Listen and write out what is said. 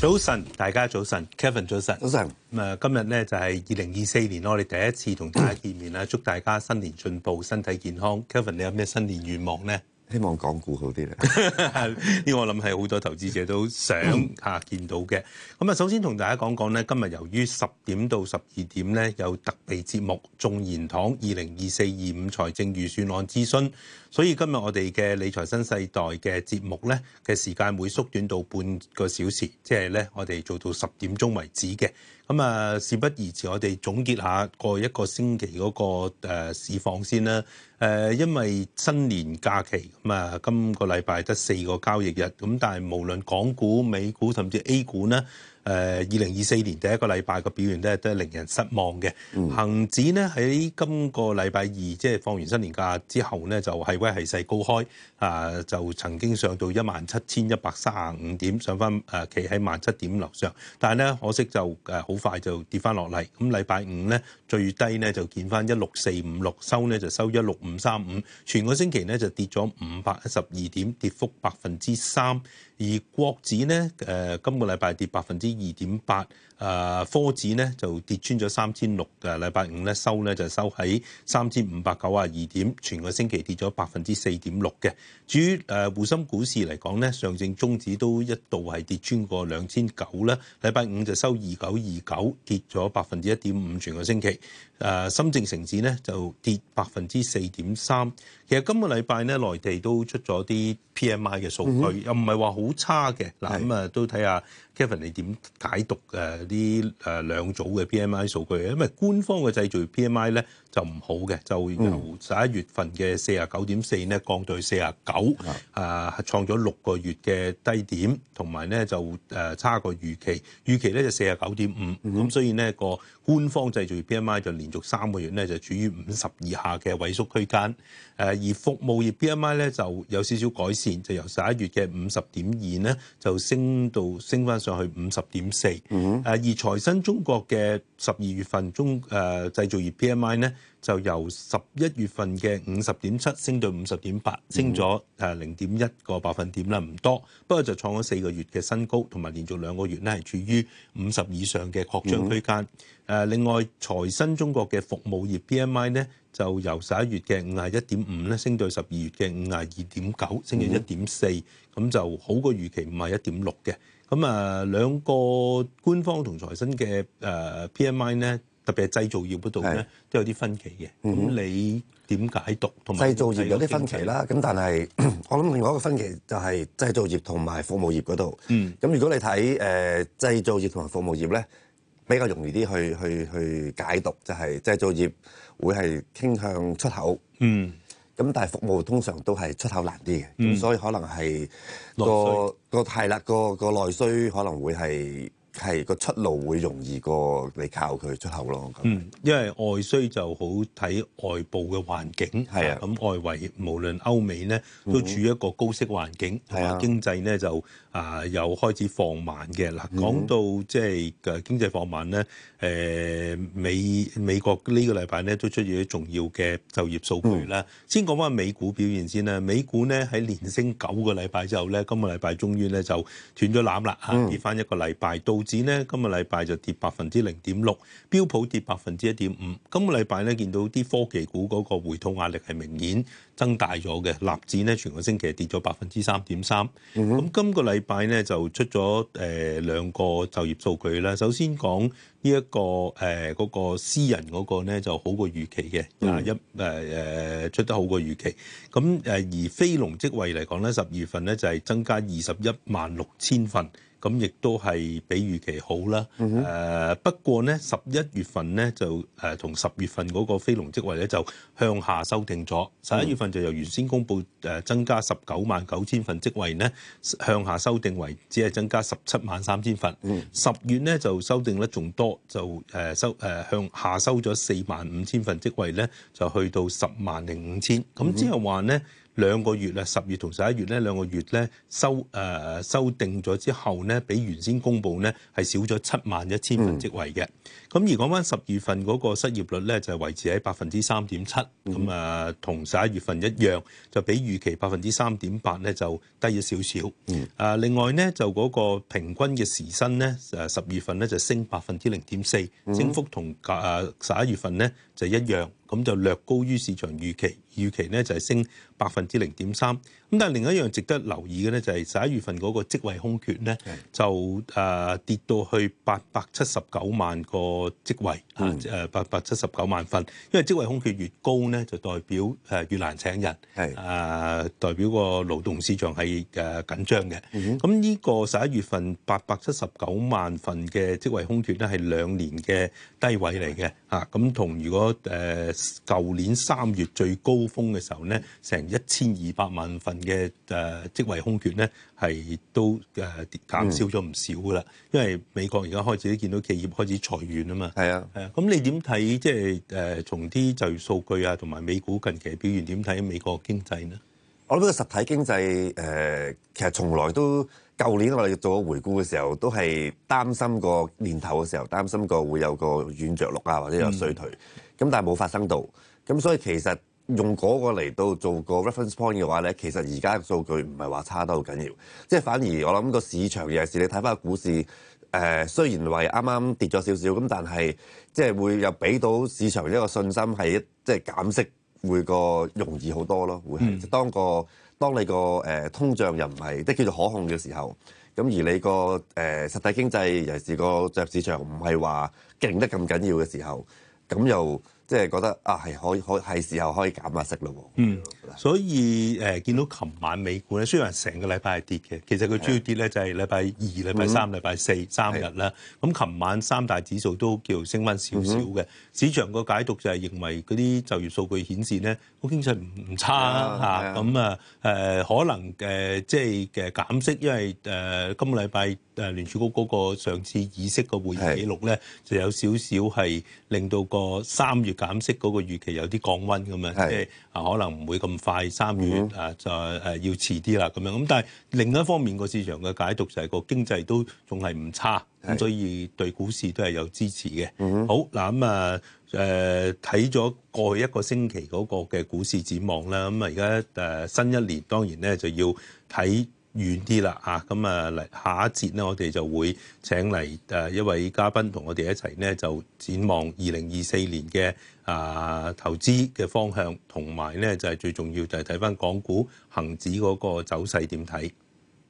早晨，大家早晨，Kevin 早晨。早晨。今日呢就係二零二四年囉，我們第一次同大家見面啦。祝大家新年進步，身體健康。Kevin，你有咩新年願望呢？希望港股好啲咧，呢個我諗係好多投資者都想下見到嘅。咁啊，首先同大家講講咧，今日由於十點到十二點咧有特別節目《眾言堂》二零二四二五財政預算案諮詢，所以今日我哋嘅理財新世代嘅節目咧嘅時間會縮短到半個小時，即係咧我哋做到十點鐘為止嘅。咁啊，事不宜遲，我哋總結下個一個星期嗰個誒市況先啦。誒，因為新年假期，咁啊，今個禮拜得四個交易日，咁但係無論港股、美股甚至 A 股呢，誒二零二四年第一個禮拜嘅表現都都係令人失望嘅。Mm-hmm. 恒指呢，喺今個禮拜二即係、就是、放完新年假之後呢，就係威係勢高開啊，uh, 就曾經上到一萬七千一百三十五點，上翻誒企喺萬七點樓上。但係呢，可惜就誒好快就跌翻落嚟。咁禮拜五呢，最低呢，就見翻一六四五六，收呢就收一六五三五，全個星期呢，就跌咗五百一十二點，跌幅百分之三。而國指咧，誒、呃、今個禮拜跌百分之二點八。誒、啊、科指呢就跌穿咗三千六誒，禮拜五咧收咧就收喺三千五百九啊二點，全個星期跌咗百分之四點六嘅。至於誒滬深股市嚟講咧，上證綜指都一度係跌穿過兩千九啦，禮拜五就收二九二九，跌咗百分之一點五，全個星期誒、啊。深證成指咧就跌百分之四點三。其實今個禮拜呢，內地都出咗啲 P.M.I 嘅數據，嗯、又唔係話好差嘅嗱，咁啊都睇下 Kevin 你點解讀誒。啲誒兩組嘅 PMI 數據，因為官方嘅製造 PMI 咧。就唔好嘅，就由十一月份嘅四啊九點四咧，降到去四啊九，創咗六個月嘅低點，同埋咧就差過預期，預期咧就四啊九點五，咁所以呢個官方製造業 P M I 就連續三個月咧就處於五十以下嘅萎縮區間，而服務業 P M I 咧就有少少改善，就由十一月嘅五十點二咧就升到升翻上去五十點四，而財新中國嘅十二月份中誒、呃、製造業 P M I 咧。就由十一月份嘅五十點七升到五十點八，升咗誒零點一個百分點啦，唔多。不過就創咗四個月嘅新高，同埋連續兩個月咧係處於五十以上嘅擴張區間。誒，另外財新中國嘅服務業 PMI 咧，就由十一月嘅五十一點五咧，升到十二月嘅五十二點九，升咗一點四，咁就好過預期五十一點六嘅。咁啊，兩個官方同財新嘅誒 PMI 咧。特別係製造業嗰度咧都有啲分歧嘅，咁、嗯、你點解讀？製造業有啲分歧啦，咁但係、嗯、我諗另外一個分歧就係製造業同埋服務業嗰度。咁、嗯、如果你睇誒、呃、製造業同埋服務業咧，比較容易啲去去去解讀，就係、是、製造業會係傾向出口。嗯，咁但係服務通常都係出口難啲嘅、嗯，所以可能係、嗰個個係啦，個個內需可能會係。係個出路會容易過你靠佢出口咯。嗯，因為外需就好睇外部嘅環境。係啊，咁、啊、外圍無論歐美咧，都處於一個高息環境，同、嗯、埋經濟咧、啊、就啊、呃、又開始放慢嘅。嗱、嗯，講到即係嘅經濟放慢咧，誒、呃、美美國呢個禮拜咧都出現咗重要嘅就業數據啦、嗯。先講翻美股表現先啦，美股咧喺連升九個禮拜之後咧，今個禮拜終於咧就斷咗纜啦，跌、嗯、翻一個禮拜都。指咧，今個禮拜就跌百分之零點六，標普跌百分之一點五。今個禮拜咧，見到啲科技股嗰個回吐壓力係明顯增大咗嘅。納指咧，全個星期跌咗百分之三點三。咁、mm-hmm. 今個禮拜咧就出咗誒兩個就業數據啦。首先講呢一個誒嗰、嗰個私人嗰個咧就好過預期嘅廿一誒誒出得好過預期。咁誒而非農職位嚟講咧，十二月份咧就係增加二十一萬六千份。咁亦都係比預期好啦。誒不過咧，十一月份咧就誒同十月份嗰個非農職位咧就向下修訂咗。十一月份就由原先公佈誒增加十九萬九千份職位咧，向下修訂為只係增加十七萬三千份。十月咧就修訂得仲多，就誒收誒向下收咗四萬五千份職位咧，就去到十萬零五千。咁即係話咧。兩個月咧，十月同十一月咧，兩個月咧修誒修訂咗之後咧，比原先公佈咧係少咗七萬一千份職位嘅。咁、嗯、而講翻十月份嗰個失業率咧、嗯，就係維持喺百分之三點七，咁啊，同十一月份一樣，就比預期百分之三點八咧就低咗少少。誒、嗯、另外咧就嗰個平均嘅時薪咧，誒十月份咧就升百分之零點四，升幅同價、呃、十一月份咧就一樣。咁就略高於市場預期，預期咧就係升百分之零點三。咁但係另一樣值得留意嘅咧，就係十一月份嗰個職位空缺咧，就誒跌到去八百七十九萬個職位嚇，誒八百七十九萬份。因為職位空缺越高咧，就代表誒越難請人，係誒代表個勞動市場係誒緊張嘅。咁呢個十一月份八百七十九萬份嘅職位空缺咧，係兩年嘅低位嚟嘅嚇。咁同如果誒舊年三月最高峰嘅時候咧，成一千二百萬份。嘅誒職位空缺咧，係都誒減少咗唔少噶啦，因為美國而家開始都見到企業開始裁員啊嘛。係啊，係啊。咁你點睇即係誒從啲就業數據啊，同埋美股近期表現點睇美國經濟呢？我諗個實體經濟誒，其實從來都舊年我哋做咗回顧嘅時候，都係擔心個年頭嘅時候擔心過會有個軟著陸啊，或者有衰退，咁但係冇發生到，咁所以其實。用嗰個嚟到做個 reference point 嘅話咧，其實而家個數據唔係話差得好緊要，即係反而我諗個市場尤其是你睇翻個股市，誒、呃、雖然為啱啱跌咗少少，咁但係即係會又俾到市場一個信心係即係減息會個容易好多咯，會當個當你個誒、呃、通脹又唔係即叫做可控嘅時候，咁而你個誒、呃、實體經濟尤其是個入市場唔係話勁得咁緊要嘅時候，咁又。即係覺得啊，係可以可係時候可以減下息咯喎。嗯，所以誒、呃、見到琴晚美股咧，雖然成個禮拜係跌嘅，其實佢主要跌咧就係禮拜二、禮拜三、禮、嗯、拜四三日啦。咁琴晚三大指數都叫升翻少少嘅。市場個解讀就係認為嗰啲就業數據顯示咧，個經濟唔唔差嚇。咁啊誒、啊呃、可能嘅，即係嘅減息，因為誒、呃、今個禮拜誒聯儲局嗰個上次議息個會議記錄咧，就有少少係令到個三月。減息嗰個預期有啲降溫咁啊，即係啊可能唔會咁快，三月啊就誒要遲啲啦咁樣。咁但係另一方面個市場嘅解讀就係個經濟都仲係唔差，咁所以對股市都係有支持嘅。好，嗱，咁啊誒睇咗過去一個星期嗰個嘅股市展望啦，咁啊而家誒新一年當然咧就要睇。遠啲啦，啊，咁啊嚟下一節咧，我哋就會請嚟誒一位嘉賓同我哋一齊咧，就展望二零二四年嘅啊投資嘅方向，同埋咧就係，最重要就係睇翻港股恒指嗰個走勢點睇。